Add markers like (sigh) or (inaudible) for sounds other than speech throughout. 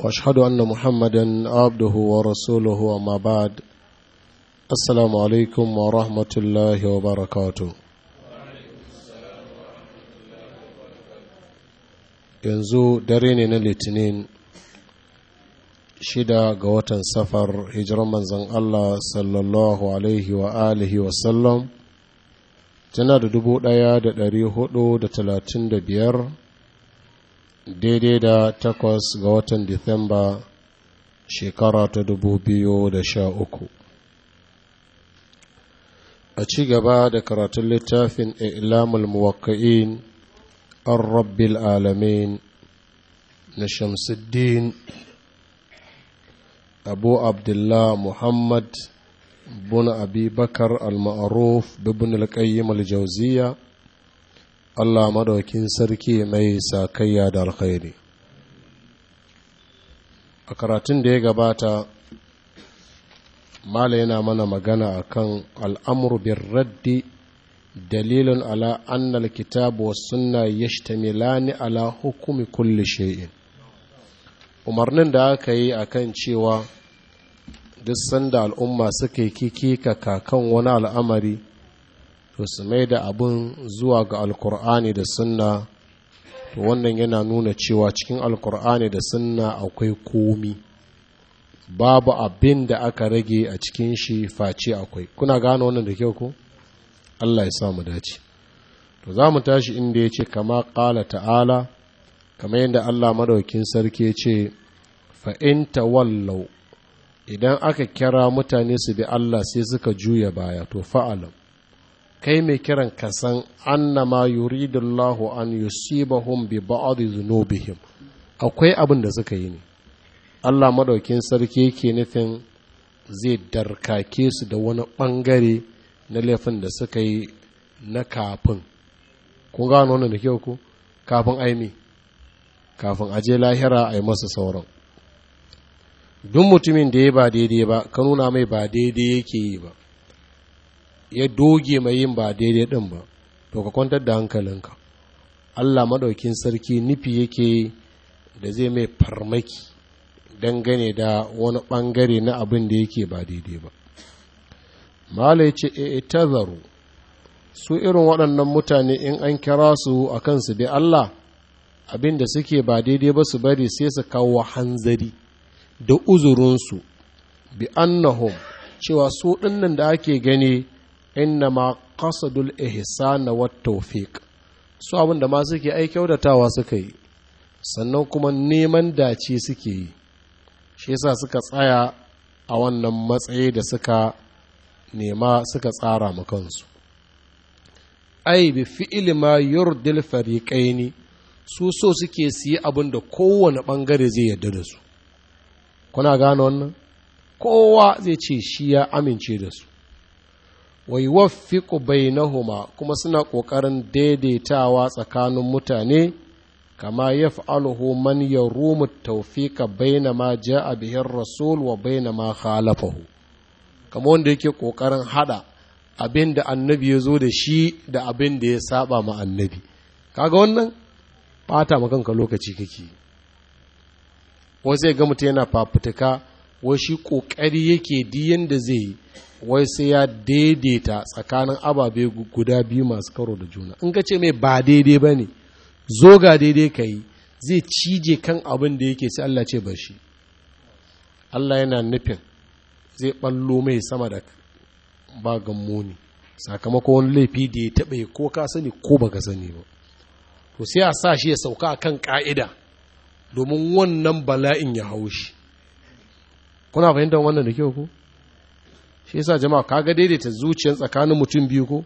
واشهد ان محمدا عبده ورسوله وما بعد السلام عليكم ورحمه الله وبركاته yanzu dare ne na litinin shida ga watan safar hijirar manzan Allah sallallahu alaihi wa alihi tana da dubu daya da dari hudu da talatin da biyar daidai da takwas ga watan disamba shekara ta dubu biyu da sha uku a ci gaba da karatun littafin ilamul muwakka'in an rabbil alamin na shamsuddin abu abdullah muhammad bin abi bakar al-ma'ruf bibin al-qayyim al Allah madaukin sarki mai sakayya da alkhairi a karatun da ya gabata mala yana mana magana akan al'amuru bin raddi dalilin ala annal kitabu wa sunna yashtamilani ala hukumi kulli shay'in umarnin da aka yi akan cewa duk sanda al'umma suka yi kiki kakan wani al'amari to su mai da abin zuwa ga alkur'ani da sunna to wannan yana nuna cewa cikin alkur'ani da sunna akwai komi babu abin da aka rage a cikin shi face akwai kuna gano wannan da kyau ko Allah ya samu dace to za mu tashi inda ya ce kama ƙala ta'ala kama yadda Allah madaukin sarki ya ce fa'inta wallau idan aka kira mutane su bi Allah sai suka juya baya to fa'alam kai mai kiran ka san annama yuridullahu an yusibahum bi ba'd dhunubihim akwai abin da suka yi ne Allah madaukin sarki yake nufin zai darkake su da wani bangare na laifin da suka yi na kafin kun gano wannan da kyau ku kafin aimi kafin aje lahira a yi masa sauran duk mutumin da ya ba daidai ba ka nuna mai ba daidai yake yi ba ya doge mai yin ba daidai din ba to ka kwantar da hankalinka Allah maɗaukin sarki nufi yake da zai mai farmaki dangane da wani ɓangare na abin da yake ba daidai ba malai ce ce eh, e tazaru su irin waɗannan mutane in an kira su a kansu bi Allah abin da suke ba daidai ba su bari sai su kawo hanzari da uzurinsu bi annahum cewa su ɗinnan da ake gani inna ma qasadul ihsana wat tawfiq su abin da ma suke ai kyautatawa suka yi sannan kuma neman dace suke yi shi yasa suka tsaya a wannan matsayi da suka nema suka tsara makansu kansu ai bi fi'il ma yurdil fariqaini su so suke su yi abin da kowane bangare zai yarda da su kuna gano wannan kowa zai ce shi ya amince da su wa yi bainahuma kuma suna ƙoƙarin daidaitawa tsakanin mutane kama ya fi man yarumu tawfiqa baina ma ja'a bihin rasul wa baina ma khalafahu kamar wanda yake ƙoƙarin hada abin da annabi ya zo da shi da abin da ya saba ma annabi kaga wannan fata ma kanka lokaci kake wasu sai ga mutum yana fafutuka wasu shi ƙoƙari yake diyan da zai yi wai sai ya daidaita tsakanin ababe guda biyu masu karo da juna in ka ce mai ba daidai ba ne zo ga daidai ka yi zai cije kan abin da yake sai Allah ce ba shi Allah yana nufin zai ɓallo mai sama da bagan muni sakamakon wani laifi da ya taɓa ko ka sani ko ba ka sani ba to sai a sa shi ya sauka kan ƙa'ida domin wannan bala'in ya haushi. kuna fahimtar wannan da kyau ko shi yasa jama'a ga daidaita zuciyar tsakanin mutum biyu ko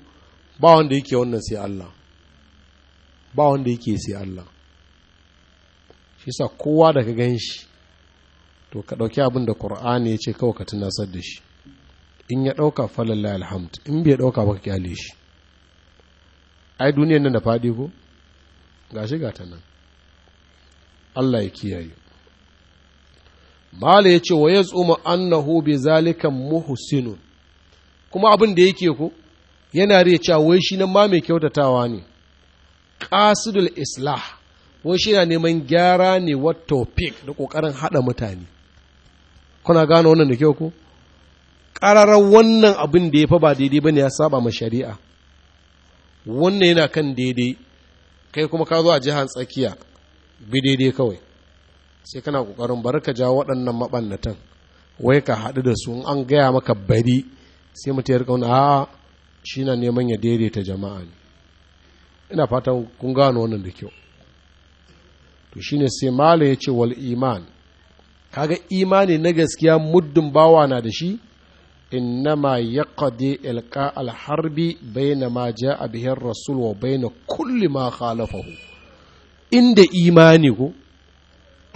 ba wanda yake wannan sai Allah ba wanda yake sai Allah shi yasa kowa da ka gan shi to ka ɗauki abin da ƙur'ani ya ce kawai ka tunasar da shi in ya ɗauka falallah alhamd in bai ɗauka ba ka kyale shi ai duniyar nan da faɗi ko gashi gata nan Allah ya kiyaye mala ya ce wa ya tsoma annahu bi zalika muhsinun kuma abin da yake ko yana riya cewa wai shi nan ma mai kyautatawa ne qasidul islah wai shi yana neman gyara ne wa topic da kokarin hada mutane kuna gane wannan da kyau ko ƙararar wannan abin da ya fa ba daidai bane ya saba ma shari'a wannan yana kan daidai kai kuma ka zo a jihar tsakiya bi daidai kawai sai kana kokarin bar ka jawo waɗannan maɓannatan wai ka haɗu da su an gaya maka bari sai mutum ya rika wani a shi na neman ya daidaita jama'a ne ina fatan kun gano wannan da kyau to shine sai mala ya ce wal iman kaga imani na gaskiya muddin bawa na da shi innama ya kade ilka alharbi baina ma ja a bihin rasul wa na kulli ma khalafahu inda imani ko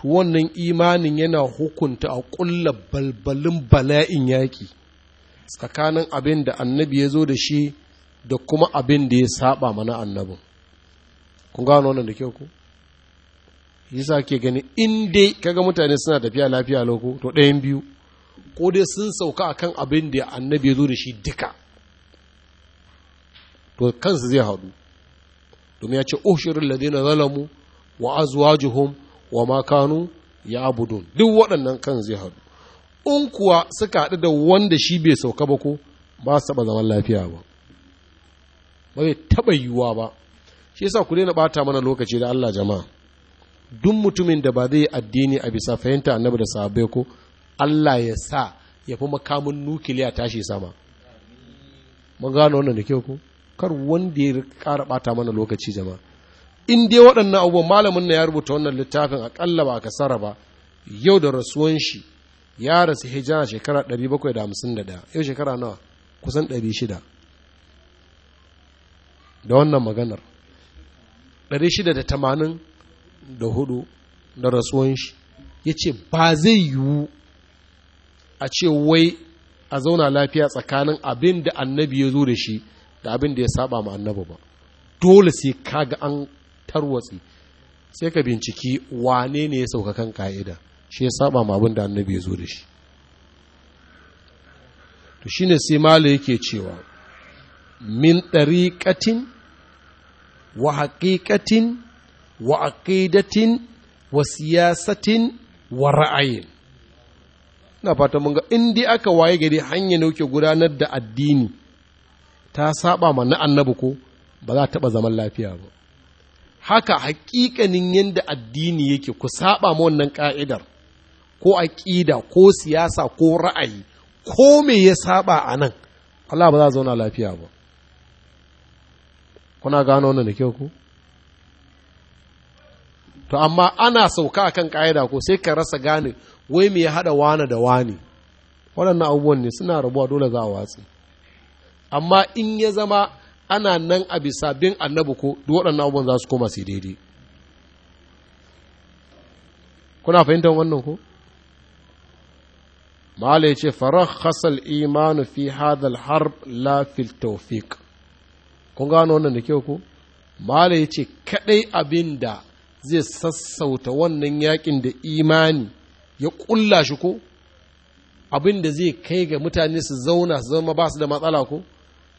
to wannan imanin yana hukunta a ƙulla balbalin bala'in yaƙi tsakanin abin da annabi ya zo da shi da kuma abin da ya saba mana annabin kun gano wannan da kyau ku yasa ke gani in dai kaga mutane suna tafiya lafiya loko to ɗayan biyu ko dai sun sauka akan abin da annabi ya zo da shi duka to kansu zai haɗu domin ya ce ushirin ladina zalamu wa azwajuhum wa ma kanu ya abudun duk waɗannan kan zai haɗu in kuwa suka haɗu da wanda shi bai sauka ba ko ba su taɓa zaman lafiya ba ba zai taɓa yiwuwa ba shi yasa ku na ɓata mana lokaci da Allah jama'a duk mutumin da ba zai yi addini a bisa fahimta annabi da sahabbai ko Allah ya sa ya fi makamin nukiliya tashi sama mun gano wannan da kyau ko kar wanda ya kara ɓata mana lokaci jama'a in dai waɗannan abubuwan malamin na ya rubuta wannan littafin aƙalla ba a kasara ba yau da rasuwan shi ya rasu hijira shekara 751 yau shekara nawa kusan 600 da wannan maganar 684 da rasuwan shi ya ce ba zai yiwu a ce wai a zauna lafiya tsakanin abin da annabi ya zo da shi da abin da ya saba ma annabi ba dole sai kaga an tarwatsi sai ka binciki wane ne ya sauka kan ka'ida shi ya saba ma abin da annabi ya zo da shi to shine sai mala yake cewa min ɗariƙatin wa haƙiƙatin wa aƙidatin wa siyasatin wa ra'ayin na fata mun ga in dai aka waye gari hanyar ne yake gudanar da addini ta saba ma na annabi ko ba za ta taɓa zaman lafiya ba haka hakikanin yadda addini yake ku saba ma wannan ka'idar ko aƙida ko siyasa ko ra'ayi ko me ya saba a nan Allah ba za a zauna lafiya ba kuna gano wannan da kyau ku to amma ana sauka a kan ka'ida ko sai ka rasa gane wai me ya haɗa wane da wane waɗannan abubuwan ne suna rabuwa dole za a watsi amma in ya zama ana nan a bisa bin annabi ko duk waɗannan abubuwan za su koma su daidai kuna fahimtar wannan ko mala ya ce farar hasal imanu fi hadal harb la fil kun gano wannan da kyau ko mala ya ce kaɗai abin da zai sassauta wannan yakin da imani ya ƙulla shi ko abin da zai kai ga mutane su zauna su zama ba su da matsala ko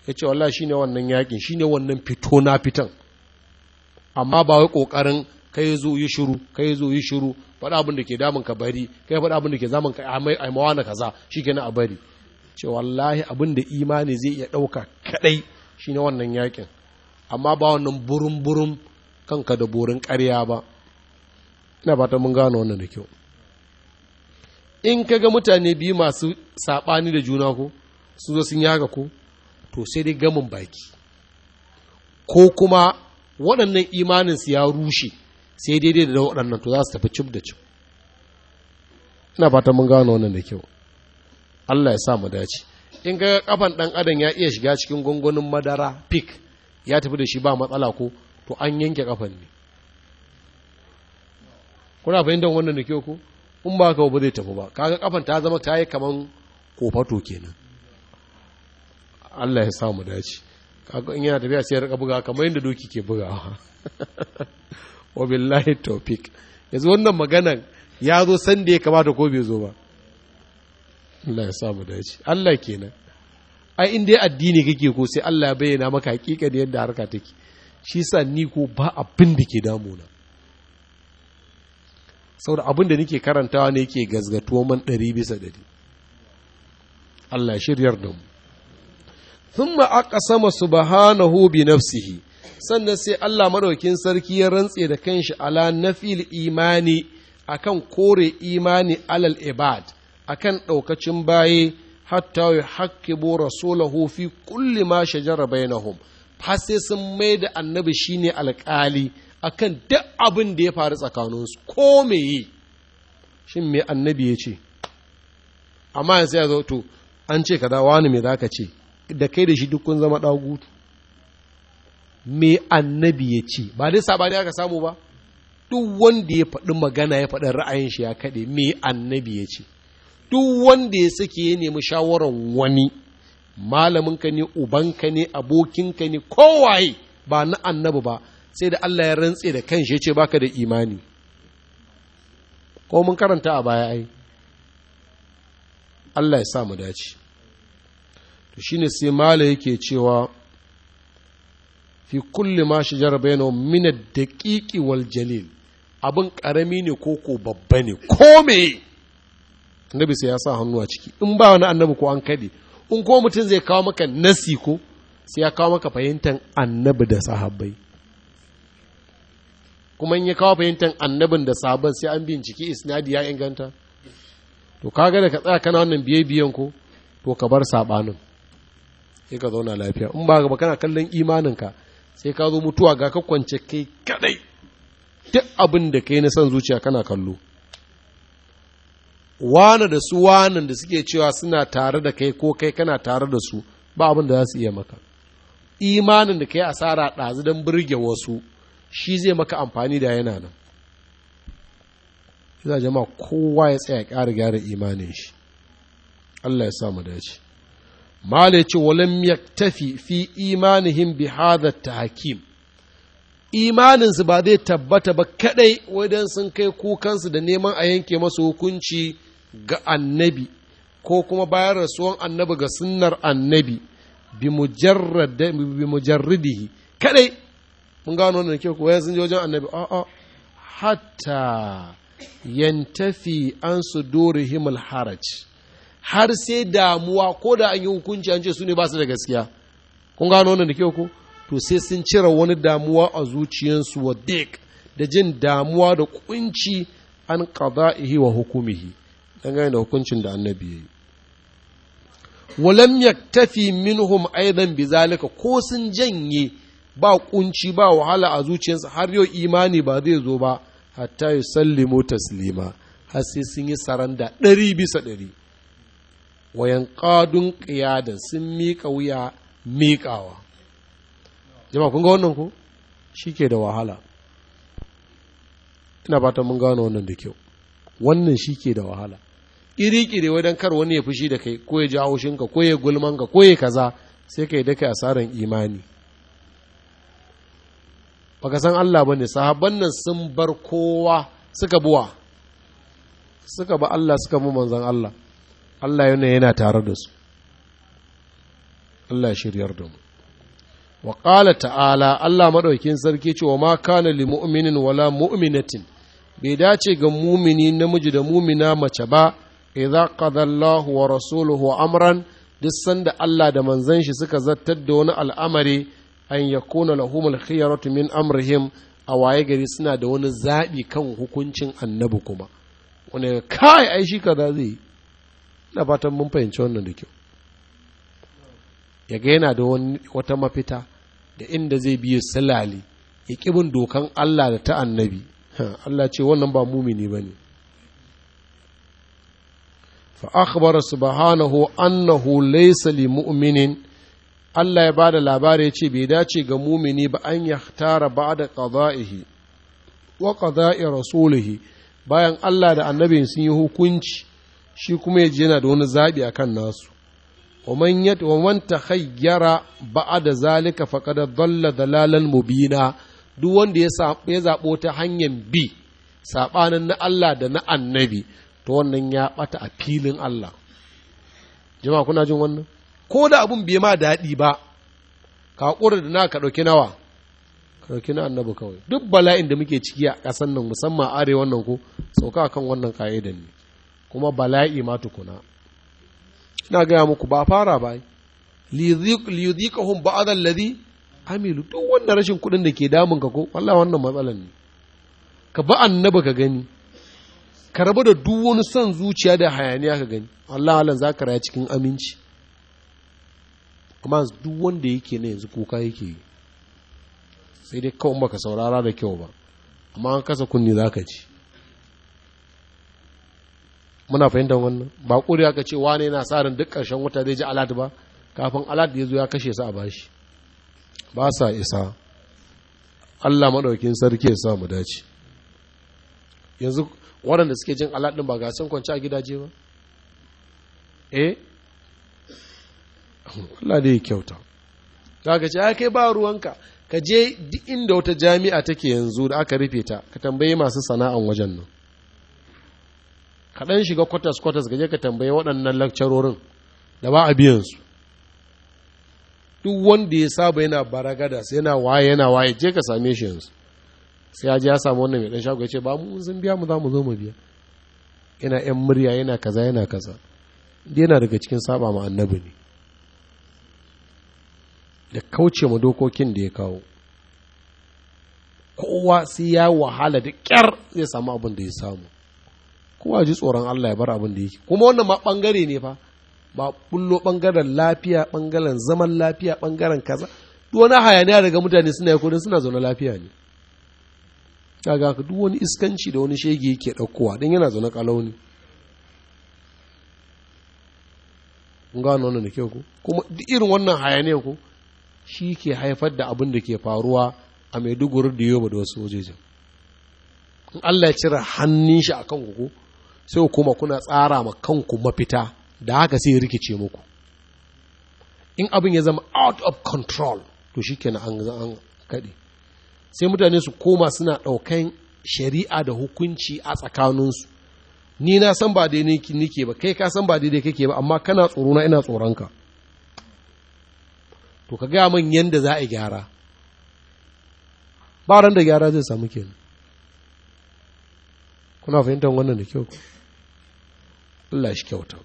ya ce wallah shi ne wannan yakin shi ne wannan fito na fitan amma ba wai ƙoƙarin yi zo yi shiru yi zo yi shiru faɗa abin da ke damun ka bari kai faɗa abin da ke zamun ka a mawa na kaza shi kenan a bari ce wallahi abin da imani zai iya ɗauka kaɗai shi ne wannan yakin amma ba wannan burin-burin kanka da burin ƙarya ba ina fata mun gano wannan da kyau in ka ga mutane biyu masu saɓani da juna ko su zo sun yaga ko to sai dai gamin baki ko kuma waɗannan imaninsu ya rushe sai daidai da waɗannan to za su tafi cib da cib ina fata mun gano wannan da kyau Allah ya sa mu dace in ga kafan dan adam ya iya shiga cikin gungunin madara pik ya tafi da shi ba matsala ko to an yanke kafan ne kuna fahimtar wannan da kyau ko in ba ka ba zai tafi ba kaga kafan ta zama ta yi kaman kofato kenan Allah ya samu dace kaga in yana tafiya sai ya rika buga kamar yadda doki ke bugawa (laughs) wa billahi tawfik yanzu wannan maganan ya zo sanda ya kamata ko bai zo ba Allah ya samu dace Allah kenan ai in dai addini kake ko sai Allah ya bayyana maka hakika da yadda harka take shi sa ni ko ba abin da ke damuna saboda abin da nake karantawa ne yake gazgatuwa man ɗari bisa ɗari Allah shiryar da mu thumma aqsama subhanahu bi nafsihi sannan sai Allah maɗaukin sarki ya rantse da kanshi ala nafil imani akan kore imani alal ibad akan ɗaukacin baye hatta ya hakkibo rasulahu fi kulli ma shajara bainahum har sun mai da annabi shine alƙali kan duk abin da ya faru tsakaninsu ko me yi shin me annabi ya ce amma sai ya zo to an ce kaza wani me ka ce da kai da shi duk kun zama ɗagutu me annabi ya ce ba dai sabani aka samu ba duk wanda ya faɗi magana ya faɗi ra'ayin shi ya kaɗe me annabi ya ce duk wanda ya sake ya nemi shawarar wani malaminka ne ubanka ne abokinka ne kowaye ba na annabi ba sai da Allah ya rantse da kanshi ya ce baka da imani ko mun karanta a baya ai Allah ya sa mu dace to shine sai mala yake cewa fi kulli ma shajara bainahum min ad-daqiqi wal jalil abin karami ne ko ko babba ne ko me annabi sai ya sa hannu a ciki in ba wani annabi ko an kade in ko mutum zai kawo maka nasi ko sai ya kawo maka fahimtar annabi da sahabbai kuma in ya kawo fahimtar annabin da sahabban sai an binciki isnadi ya inganta to kaga da ka tsaya kana wannan biye biyan ko to ka bar sabanin sai ka zauna lafiya in ba gaba kana kallon imaninka sai ka zo mutuwa ga ka kwance kai kadai duk abin da kai na son zuciya kana kallo wane da su wanan da suke cewa suna tare da kai ko kai kana tare da su ba abin da za su iya maka imanin da kai asara ɗazu don birge wasu shi zai maka amfani da yana nan za jama'a kowa ya tsaya ƙara gyara imanin shi Allah ya sa mu dace mala ce walam yaktafi fi imanihim bi hadha tahkim imaninsu ba zai tabbata ba kadai wajen sun kai kukansu da neman a yanke masu hukunci ga annabi ko kuma bayan rasuwan annabi ga sunnar annabi bi mujarridihi kadai mun gano wannan kyau kuwa sun je wajen annabi a hatta yantafi an su dori himul haraj har sai damuwa ko da an yi hukunci an ce su ne ba su da gaskiya kun gano wannan da kyau ko to sai sun cire wani damuwa a zuciyarsu wa dik da jin damuwa da kunci an qada'ihi wa hukumihi dangane da hukuncin da annabi yayi walam yaktafi minhum aidan bizalika ko sun janye ba kunci ba wahala a zuciyarsu har yau imani ba zai zo ba hatta yusallimu taslima har sai sun yi saranda ɗari bisa ɗari wayan ƙadun ƙiyadan sun miƙa wuya miƙawa jama'a kun ga wannan ku shi ke da wahala ina ba ta mun gano wannan da kyau wannan shi ke da wahala ƙiri-ƙiri wajen kar wani ya fushi da kai ko ya ji haushinka ko ya gulmanka ko ya kaza sai ka yi daka asarar imani baka san Allah ba ne sahabban nan sun bar kowa suka buwa suka ba Allah suka mu manzan Allah Allah yana yana tare da su Allah shiryar da mu wa qala ta'ala Allah maɗaukin sarki ce wa ma kana lil mu'minin wala mu'minatin bai dace ga mumini namiji da mumina mace ba idza qada Allahu wa rasuluhu amran duk sanda Allah da manzon shi suka zartar da wani al'amari an yakuna al khiyaratu min amrihim a waye gari suna da wani zaɓi kan hukuncin annabi kuma wani kai ai shi kaza zai na fatan mun fahimci wannan da kyau ya ga yana da wata mafita da inda zai biya salali ya kibin dokan Allah da ta annabi Allah ce wannan ba mumini ba ne fa'akbar subhanahu annahu laysa li mu'minin Allah ya ba da labari ya ce bai dace ga mumini ba an ya tara ba da ƙaza'ihi wa ƙaza'i rasulihi bayan Allah da annabin sun yi hukunci shi kuma ya ji yana da wani zaɓi a kan nasu ومن يت ومن تخير بعد ذلك فقد ضل ضلالا مبينا duk wanda ya ya zabo ta hanyar bi sabanin na Allah da na annabi to wannan ya bata a filin Allah jama'a kuna jin wannan ko da abun bai ma daɗi ba ka ƙura da na ka ɗauki nawa ka ɗauki na annabi kawai duk bala'in da muke ciki a ƙasar nan musamman arewa nan ko sauka kan wannan ka'idan ne kuma bala'i ma tukuna ina gaya muku ba fara ba liyudhiqahum ba'd alladhi amilu duk wanda rashin kuɗin da ke damun ka ko wallahi wannan matsalan ne ka ba annaba ka gani ka rabu da duk wani son zuciya da hayaniya ka gani wallahi Allah za raya cikin aminci kuma duk wanda yake ne yanzu kuka yake yi sai dai kawai ka saurara da kyau ba amma an kasa kunni za ka ci muna fahimtar wannan ba kuri aka ce wane yana sa ran duk ƙarshen wata zai ji alad ba kafin alad ya zo ya kashe su a bashi ba sa isa Allah maɗaukin sarki ya sa mu dace yanzu waɗanda suke jin alad ɗin ba ga sun kwanci a gidaje ba eh Allah dai kyauta ka ce ya kai ba ruwanka ka je duk inda wata jami'a take yanzu da aka rufe ta ka tambaye masu sana'an wajen nan Kaɗan shiga kwatas kwatas gaje ka tambaye waɗannan lakcarorin da ba a biyan su duk wanda ya saba yana baragada sai yana waye yana waye je ka same shi yanzu sai ya je ya samu wannan mai ɗan shago ya ce ba mu sun biya mu za mu zo mu biya yana yan murya yana kaza yana kaza yana daga cikin saba ma annabi ne da kauce ma dokokin da ya kawo kowa sai ya wahala da kyar zai samu abin da ya samu kowa ji tsoron Allah ya bar abin da yake kuma wannan ma bangare ne fa ba kullo bangaren lafiya bangaren zaman lafiya bangaren kaza duk wani hayaniya daga mutane suna yi kodin suna zaune lafiya ne kaga ka duk wani iskanci da wani shege yake daukowa don yana zaune kalauni kun wannan da kyau ko kuma duk irin wannan hayaniya ko shi ke haifar da abin da ke faruwa a maiduguri da Yobe da wasu wajejen in Allah ya cire hannun shi akan ku ko sai kuma kuna tsara ma kanku mafita da haka sai rikice muku in abin ya zama out of control to shikenan an an kaɗe sai mutane su koma suna ɗaukan shari'a da hukunci a tsakaninsu ni na san ba daidai nike ba kai ka san ba daidai kake ba amma kana tsoro na ina tsoronka to ka gaya min yadda za a gyara ba ran da gyara zai samu kenan kuna fahimtar wannan da kyau Allah shi kyauta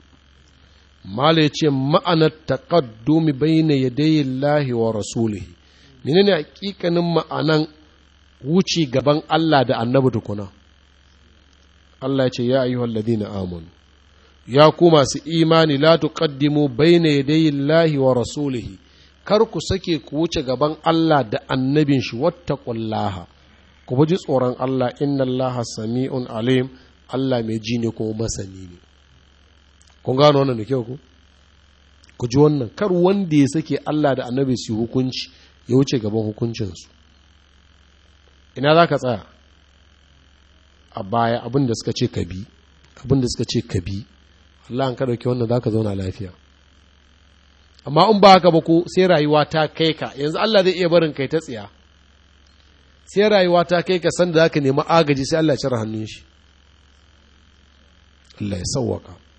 mala yace ma'anar taqaddumi bayna yadayi lahi wa rasulihi menene hakikanin ma'anan wuce gaban Allah da annabi tukuna Allah ya ce ya ayyuhal na amanu ya ku masu imani la tuqaddimu bayna yadayi lahi wa rasulihi kar ku sake ku wuce gaban Allah da annabin shi wata ƙullaha ku ji tsoron Allah inna sami sami'un alim Allah mai ji ne ko masani ne kun gano wannan da kyau ku ku ji wannan kar wanda ya sake Allah da annabi su hukunci ya wuce gaban hukuncinsu ina za ka tsaya a baya abin da suka ce ka bi abin da suka ce ka bi Allah an ka dauki wannan za ka zauna lafiya amma in ba ka ba ko sai rayuwa ta kai ka yanzu Allah zai iya barin kai ta tsiya sai rayuwa ta kai ka sanda za ka nemi agaji sai Allah ya cire hannun shi Allah ya sauwaka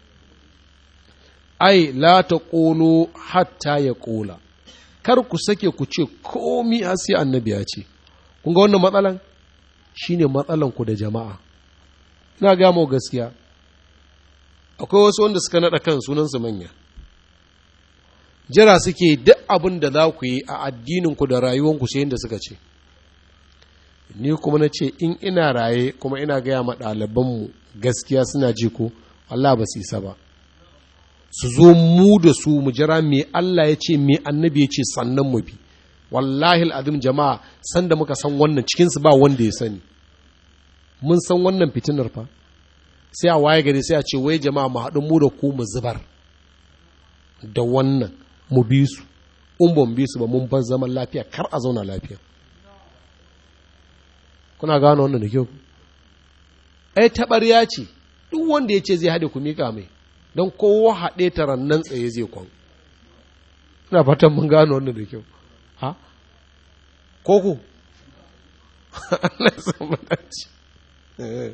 ai la ta ƙolo hatta ya ƙola kar ku sake ku ce komi a sai annabi ya ce kun ga wannan matsalan shine matsalan ku da jama'a ina ga mu gaskiya akwai wasu wanda suka naɗa kan sunansu manya jira suke duk abin da za ku yi a addininku da rayuwanku sai yadda suka ce ni kuma na ce in ina raye kuma ina gaya ma ɗalibanmu gaskiya suna ji ko Allah ba su isa ba su zo mu da su mu jira me Allah ya ce me annabi ya ce sannan mu bi wallahi al'azim jama'a sanda muka san wannan cikinsu ba wanda ya sani mun san wannan fitinar fa sai a waye gari sai a ce wai jama'a mu haɗu mu da ku mu zubar da wannan mu bi su in ban bi su ba mun ban zaman lafiya kar a zauna lafiya kuna gano wannan da kyau ai taɓarya ce duk wanda ya ce zai haɗe ku mika mai don kowa haɗe ta rannan tsaye zai kwan ina fatan mun gano wannan da kyau ha ko ku (laughs) Allah ya eh.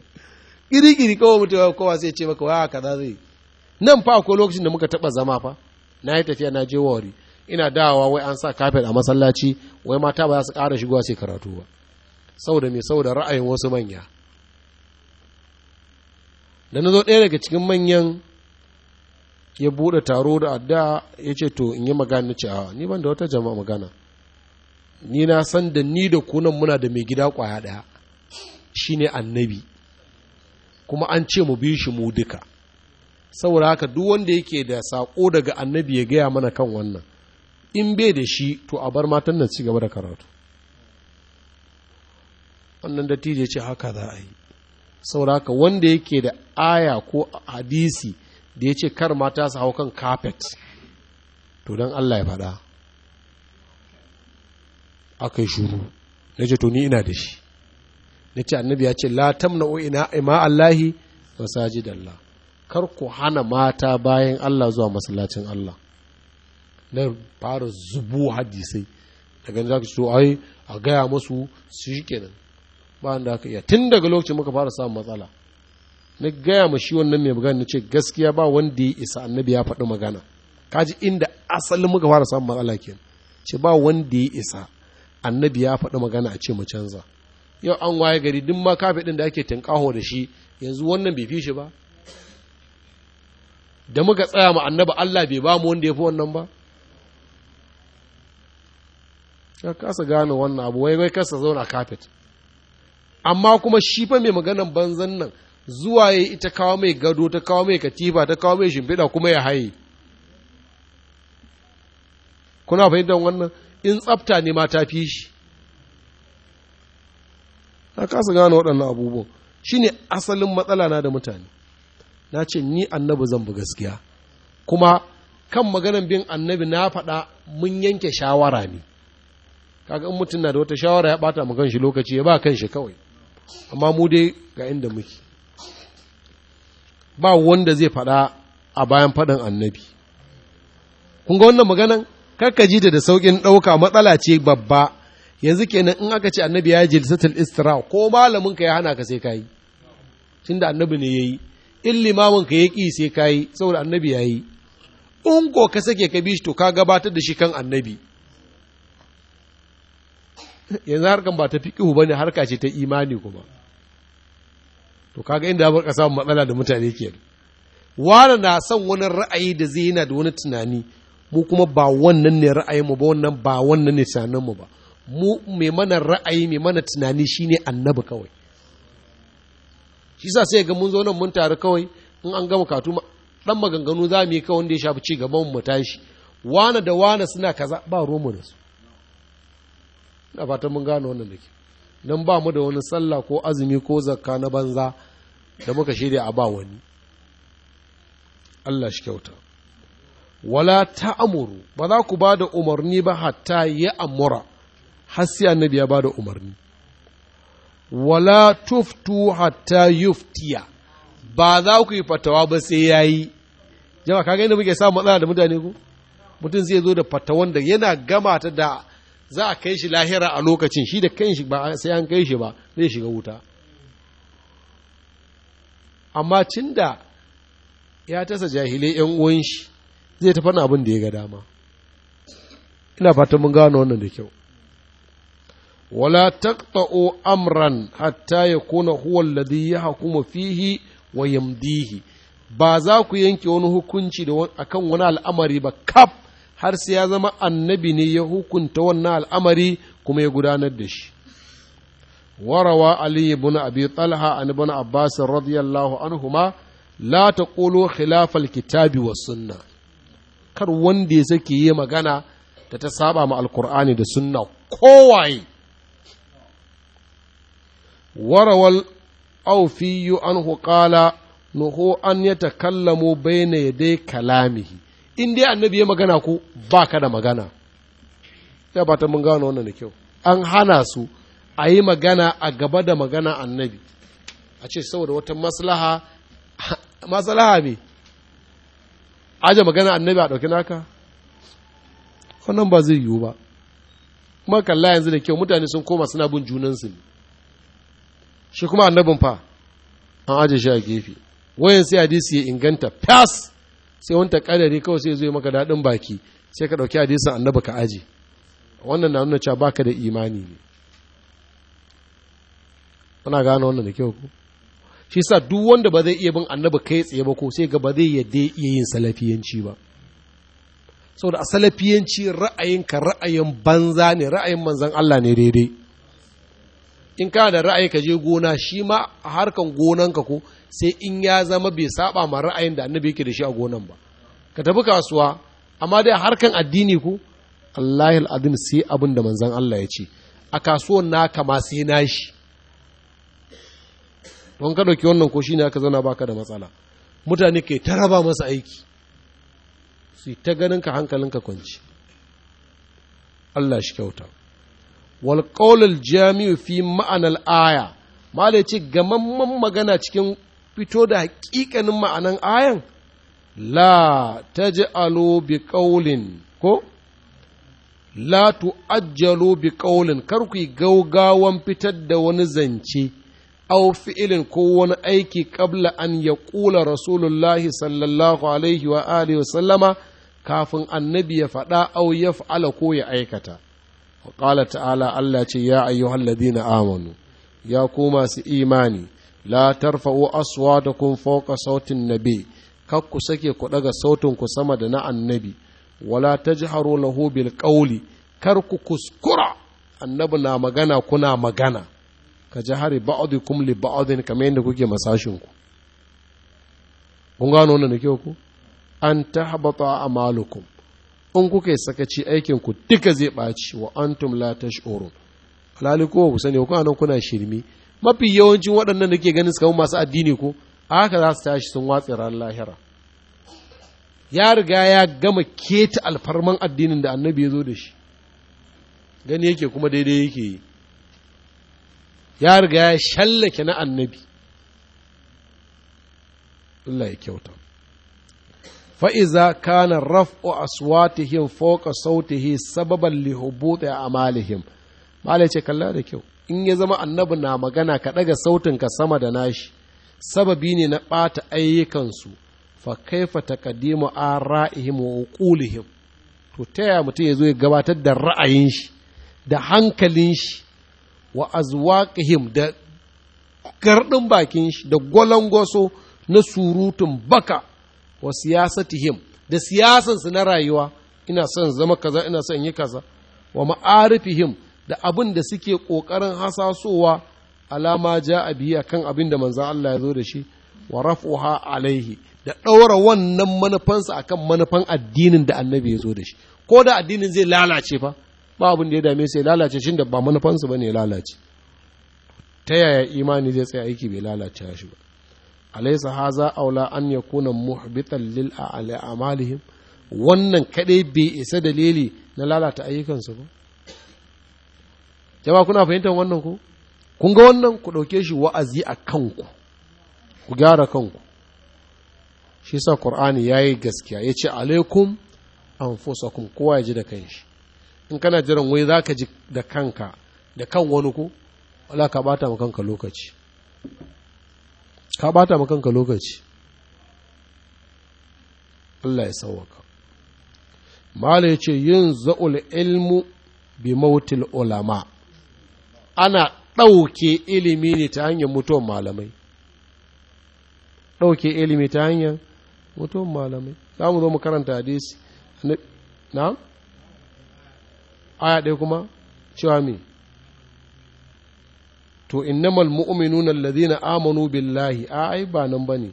kiri-kiri kawai mutum kowa sai ce maka waya kaza zai nan fa akwai lokacin da muka taɓa zama fa na yi tafiya na je wari ina dawowa wai an sa kafet a masallaci wai mata ba za su ƙara shigowa sai karatu ba saboda mai saboda ra'ayin wasu manya da na zo ɗaya daga cikin manyan ya bude taro da adda ya ce to in yi magana ce a ni ban da wata jama'a magana ni na san da ni da kunan muna da mai gida kwaya daya shine annabi kuma an ce mu bi shi mu duka saboda haka duk wanda yake da sako daga annabi ya gaya mana kan wannan in bai da shi to a bar matan nan ci gaba da karatu wannan dattijo ce haka za a yi saboda haka wanda yake da aya ko hadisi da ya ce kar mata su hau kan carpet to don Allah ya faɗa aka yi shuru na ce to ni ina da shi na ce annabi ya ce la na ina ima Allahi masaji dalla kar ku hana mata bayan Allah zuwa masallacin Allah na fara zubo hadisai daga za ka so ai a gaya musu su shi kenan ba da aka iya tun daga lokacin muka fara samun matsala na gaya ma shi wannan mai magana na ce gaskiya ba wanda ya isa annabi ya faɗi magana kaji inda asalin muka fara samun matsala ke ce ba wanda ya isa annabi ya faɗi magana a ce mu canza yau an waye gari duk ma kafe ɗin da ake tinkaho da shi yanzu wannan bai fi shi ba da muka tsaya ma annabi Allah bai ba mu wanda ya fi wannan ba ka kasa gane wannan abu wai wai kasa zauna kafet amma kuma shi fa mai maganan banzan nan zuwa ya yi ita kawo mai gado ta kawo mai katifa ta kawo mai shimfiɗa kuma ya haye kuna fahimtar wannan in tsafta ne ma ta fi shi na kasa gane waɗannan abubuwan shine asalin matsala na da mutane na ce ni annabi zan bi gaskiya kuma kan maganan bin annabi na faɗa mun yanke shawara ne kaga in mutum na da wata shawara ya ɓata mu kan shi lokaci ya ba kan shi kawai amma mu dai ga inda muke ba wanda zai faɗa a bayan faɗin annabi kunga ga wannan maganan karka ji da da saukin ɗauka matsala ce babba yanzu kenan in aka ce annabi ya ji lisatul istira ko malaminka ya hana ka sai kayi tunda annabi ne ya yi. in limamin ka ya ƙi sai kayi saboda annabi yayi in ko ka sake ka bi shi to ka gabatar da shi kan annabi yanzu harkan ba ta fi ba ne, harka ce ta imani kuma to kaga inda bar samun matsala da mutane ke wani na son wani ra'ayi da zai yana da wani tunani mu kuma ba wannan ne ra'ayinmu ba wannan ba wannan ne tunaninmu ba mu mai mana ra'ayi mai mana tunani shine annabi kawai shi sa sai ga mun zo nan mun taru kawai in an gama katu dan maganganu za mu yi kawai wanda ya shafi ci gaban mu tashi wane da wani suna kaza ba ruwanmu da su na fatan mun gane wannan da ke don ba mu da wani sallah ko azumi ko zakka na banza da muka shirya a ba wani Allah shi kyauta wala ta'amuru ba za ku ba da umarni ba hatta ya amura hasi annabi ya ba da umarni wala tuftu hatta yuftiya ba za ku yi fatawa ba sai ya yi. jama'a kaga inda muke samu matsala da mutane ko mutum zai zo da fatawan da yana gamata da za a kai shi lahira a lokacin shi da kai shi ba sai an kai shi ba zai shiga wuta amma cin da ya tasa jahilai ‘yan uwan shi zai tafi na abin da ya ga dama ina fatan mun gano wannan da kyau wala taqta'u amran hatta yakuna huwa alladhi yahkumu fihi wa yamdihi ba za ku yanke wani hukunci da akan wani al'amari ba kaf har sai ya zama annabi ne ya hukunta wannan al'amari kuma ya gudanar da shi warawa ali ibn abi talha an ibn abbas radiyallahu anhuma la taqulu khilaf al-kitabi was kar wanda ya sake yi magana da ta saba ma alkur'ani da sunna kowaye warawal awfiyu anhu qala nuhu an yatakallamu bayna yaday kalamihi in dai annabi ya magana ko ba ka da magana ya ba ta mun gano wannan da kyau an hana su a yi magana a gaba da magana annabi a ce saboda wata maslaha (laughs) maslaha ne aje magana annabi a ɗauki naka wannan ba zai yiwu ba kuma kalla yanzu da kyau mutane sun koma suna bin junansu ne shi kuma annabin fa an aje shi a gefe wayan sai hadisi ya inganta fas sai wanta kadari kawai sai zai maka daɗin baki sai ka ɗauki hadisin annabi ka aji wannan na nuna cewa baka da imani ne kuna gane wannan da kyau ku shi sa duk wanda ba zai iya bin annabi kai tsaye ba ko sai ga ba zai yadda iya yin salafiyanci ba saboda a salafiyanci ra'ayinka ra'ayin banza ne ra'ayin manzan Allah ne daidai in ka da ra'ayi ka je gona shi ma a harkan gonanka ko sai in ya zama bai saba ma ra'ayin da annabi yake da shi a gonan ba ka tafi kasuwa amma dai harkan addini ko Allahil adim sai abin da manzon Allah ya ce a kasuwan naka ma sai nashi don ka dauki wannan ko shine aka zauna baka da matsala mutane ke ta raba masa aiki su ta ganin ka hankalinka kwanci Allah shi kyauta wal jami'u fi ma'anar aya malai ce gamamman magana cikin fito da hakikanin ma'anan ayan la taj'alu bi qaulin ko la tu'ajjalu bi qaulin kar ku gaugawan fitar da wani zance aw fi'ilin ko wani aiki kabla an yaqula rasulullahi sallallahu alaihi wa alihi wa sallama kafin annabi ya faɗa au ya fa'ala ko ya aikata wa ta'ala Allah ce ya ayyuhal ladina amanu ya ku masu imani la tarfa'u aswatakum fawqa sautin nabi kar ku sake ku ɗaga sautin ku sama da na annabi wala tajharu lahu bil qawli kar ku kuskura annabi na magana kuna magana ka jahari ba'dikum li ba'din kamar yadda kuke masashin ku kun gano wannan da kyau ku in kuka yi sakaci aikin ku duka zai ɓaci wa antum la tash'urun alhali ko ku sani ko kuna shirmi mafi yawancin waɗannan da ke ganin su kawo masu addini ko haka za su tashi sun watse ran lahira ya riga ya gama keta alfarman addinin da annabi ya zo da shi gani yake kuma daidai yake yi ya riga ya shallake na annabi Allah ya kyauta fa'iza kana raf'u aswatihim fawqa sautihi sababan li hubuti amalihim malai ce kalla da kyau in ya zama annabi na magana ka ɗaga ka sama da nashi sababi ne na ɓata ayyukansu fa kaifa taqdimu ara'ihim wa uqulihim to taya mutum ya zo ya gabatar da ra'ayin shi da hankalin shi wa azwaqihim da garɗin bakin shi da gwalangwaso na surutun baka wa siyasatihim da siyasansu na rayuwa ina son zama kaza ina son yi kaza wa ma'arifihim da abin da suke ƙoƙarin hasasowa alama ja a biya kan abin da manzan Allah ya zo da shi wa raf'uha alaihi da ɗaura wannan manufansa akan manufan addinin da annabi ya zo da shi ko da addinin zai lalace fa ba abin da ya dame sai lalace shin da ba manufansa bane ya lalace ta yaya imani zai tsaya aiki bai lalace shi ba alaysa haza aula an yakuna muhbitan lil a'malihim wannan kadai bai isa dalili na lalata ayyukansu ba jama'a kuna fahimtar wannan ku kun ga wannan ku ɗauke shi wa'azi a kanku ku gyara kanku shi sa qur'ani yi gaskiya ya ce alaikum anfusakum kowa ya ji da kanshi in kana jiran wai za ka ji da kanka da kan wani ku wala ka bata ma kanka lokaci ka bata kanka lokaci Allah ya sauwaka mala ya ce yin za'ul ilmu bi mautil ulama ana ɗauke ilimi ne ta hanyar mutuwan malamai ɗauke ilimi ta hanyar mutuwan malamai za mu zo mu karanta hadisi na aya ɗaya kuma cewa me to innamal mu'minuna alladhina amanu billahi a ai ba nan bane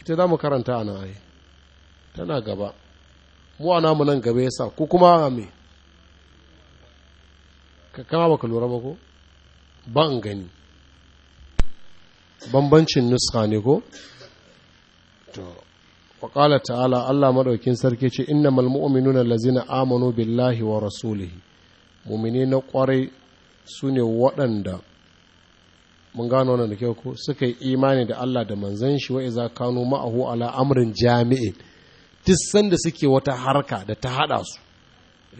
ita zamu karanta ana ai tana gaba mu ana mu nan gaba yasa ko kuma me ka kama baka lura ba ko ban gani bambancin nuska ne ko to wa ta'ala Allah madaukin sarki ce innamal mu'minuna allazina amanu billahi wa rasulihi mu'minina na kwarai sune waɗanda mun gano wannan da kyau ko suka yi imani da Allah da manzon shi wa iza kanu ma'ahu ala amrin jami'in duk sanda suke wata harka da ta hada su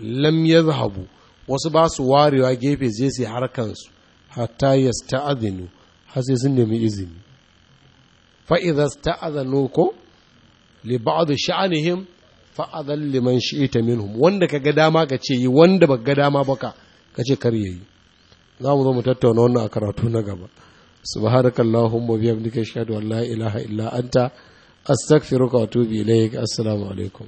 lam yazhabu wasu ba su warewa gefe zai su harkan su hatta yasta'adhinu har sai sun nemi izini fa idza sta'adhanu ko li ba'd sha'anihim fa adhal liman shi'ita minhum wanda kaga dama ka ce yi wanda baka ga dama baka ka ce kar yayi za mu zo mu tattauna wannan a karatu na gaba subhanakallahumma bihamdika ashhadu an la ilaha illa anta astaghfiruka wa atubu ilayk assalamu alaikum